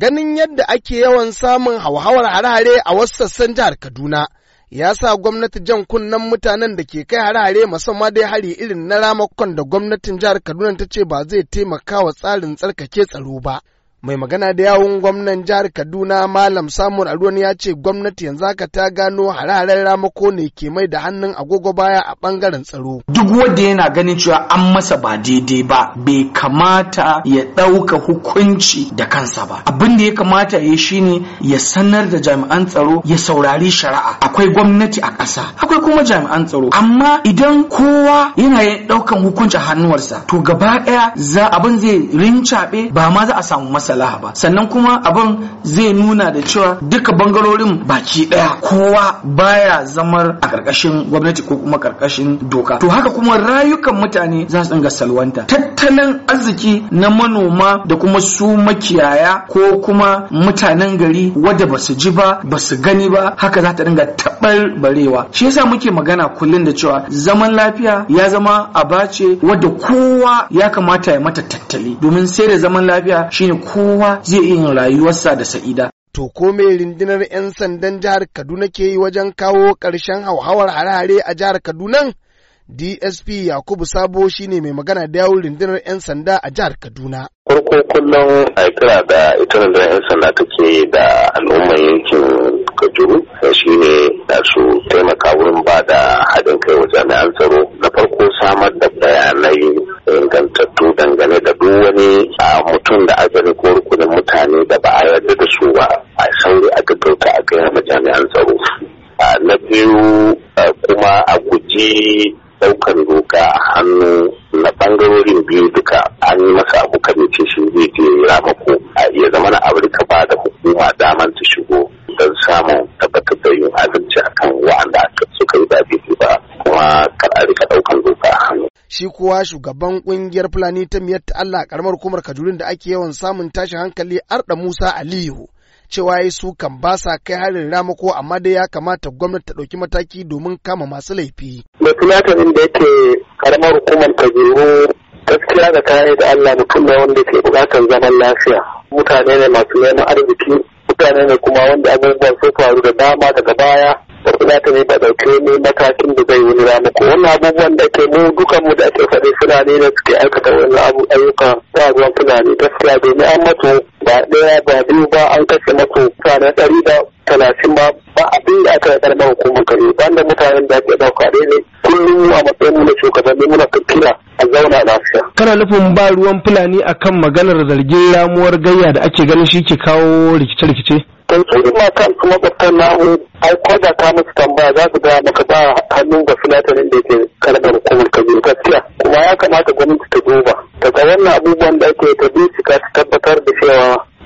Ganin yadda ake yawan samun hauhawar hare a wasu sassan jihar Kaduna ya sa gwamnati jan kunnen mutanen da ke kai hare-hare musamman dai hari irin na ramakon da gwamnatin jihar Kaduna ta ce ba zai taimaka wa tsarin tsarkake tsaro ba. mai magana da yawun gwamnan jihar kaduna malam samun aruwan ya ce gwamnati yanzu haka ta gano hare-haren ramako ne ke mai da hannun agogo baya a bangaren tsaro duk wanda yana ganin cewa an masa ba daidai ba bai kamata ya ɗauka hukunci da kansa ba abin da ya kamata ya shine ya sanar da jami'an tsaro ya saurari shari'a akwai gwamnati a ƙasa akwai kuma jami'an tsaro amma idan kowa yana yin ɗaukan hukunci a hannuwarsa to gaba ɗaya abin zai rincaɓe ba ma za a samu masa laha ba sannan kuma abin zai nuna da cewa duka bangarorin baki daya kowa baya zamar a karkashin gwamnati ko kuma karkashin doka to haka kuma rayukan mutane za su dinga salwanta tattalin arziki na manoma da kuma su makiyaya ko kuma mutanen gari wadda ba su ji ba ba su gani ba haka za ta dinga barewa shi yasa muke magana kullum da cewa zaman lafiya ya zama aba ce wadda kowa ya kamata ya mata tattali domin sai da zaman lafiya shine kowa zai iya yin rayuwarsa da sa'ida to ko me rundunar 'yan sandan jihar Kaduna ke yi wajen kawo karshen hauhawar hare-hare a jihar Kaduna? DSP Yakubu Sabo shine mai magana da yawun rundunar 'yan sanda a jihar Kaduna. Farko kullum a kira da ita rundunar 'yan sanda take da al'ummar yankin Kaduna shi ne su taimaka wurin ba da haɗin kai wa jami'an tsaro na farko samar da bayanai ingantattu dangane da duk wani mutum da aka ko rukunin mutane da ba a yarda da su ba a sauri a gaggauta a kai ma jami'an tsaro na biyu kuma a guji ɗaukar doka a hannu na bangarorin biyu duka an yi masa shi kowa shugaban kungiyar fulani ta miyar ta Allah karamar hukumar kajurin da ake yawan samun tashin hankali arda Musa Aliyu cewa yi su kan ba sa kai harin ramako amma dai ya kamata gwamnati ta ɗauki mataki domin kama masu laifi. Mai tunatarin da yake karamar hukumar kajiru gaskiya da kayan da Allah mutum ne wanda ke bukatar zaman lafiya mutane ne masu neman arziki mutane ne kuma wanda abubuwan sun faru da dama daga baya za ta ba dauke wani matakin da zai wani ramu ko wannan abubuwan da ke mu dukan mu da ake faɗi fulani da suke aikata wani ayyuka ba ruwan fulani gaskiya domin an mato ba ɗaya ba biyu ba an kashe mato fulani ɗari da talatin ba ba abin da aka yaɗar ba hukumar kare banda mutanen da ake ɗauka ɗaya ne kullum a matsayin mu na shugabanni muna kakkira a zauna lafiya. Kana nufin ba ruwan Fulani akan maganar zargin ramuwar gayya da ake ganin shi ke kawo rikice-rikice? to su ma kan su makwabtan namu ai ko da ka musu tambaya za su gaya maka ba hannun ga filatanin da ke karɓar ka biyu gaskiya kuma ya kamata gwamnati ta duba daga wannan abubuwan da ake ta bincika ta tabbatar da cewa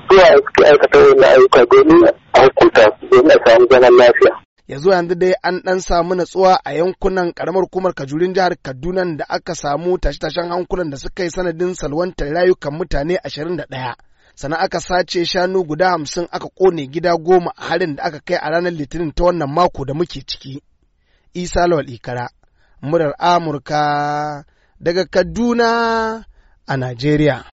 zuwa suke aikata wani ayyuka domin a hukunta domin a samu zaman lafiya. ya yanzu dai an ɗan samu natsuwa a yankunan karamar hukumar kajurin jihar kaduna da aka samu tashe-tashen hankulan da suka yi sanadin salwantar rayukan mutane ashirin da ɗaya. sana aka sace shanu guda hamsin aka kone gida goma a harin da aka kai a ranar litinin ta wannan mako da muke ciki isa lawal ikara murar amurka daga kaduna a najeriya